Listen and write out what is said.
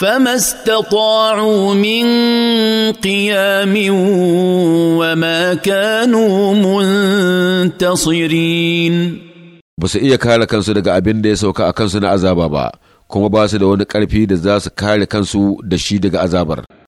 فما استطاعوا من قيام وما كانوا منتصرين basu iya kare kansu daga abin da ya sauka a kansu na azaba ba kuma ba su da wani ƙarfi da za su kare kansu da shi daga azabar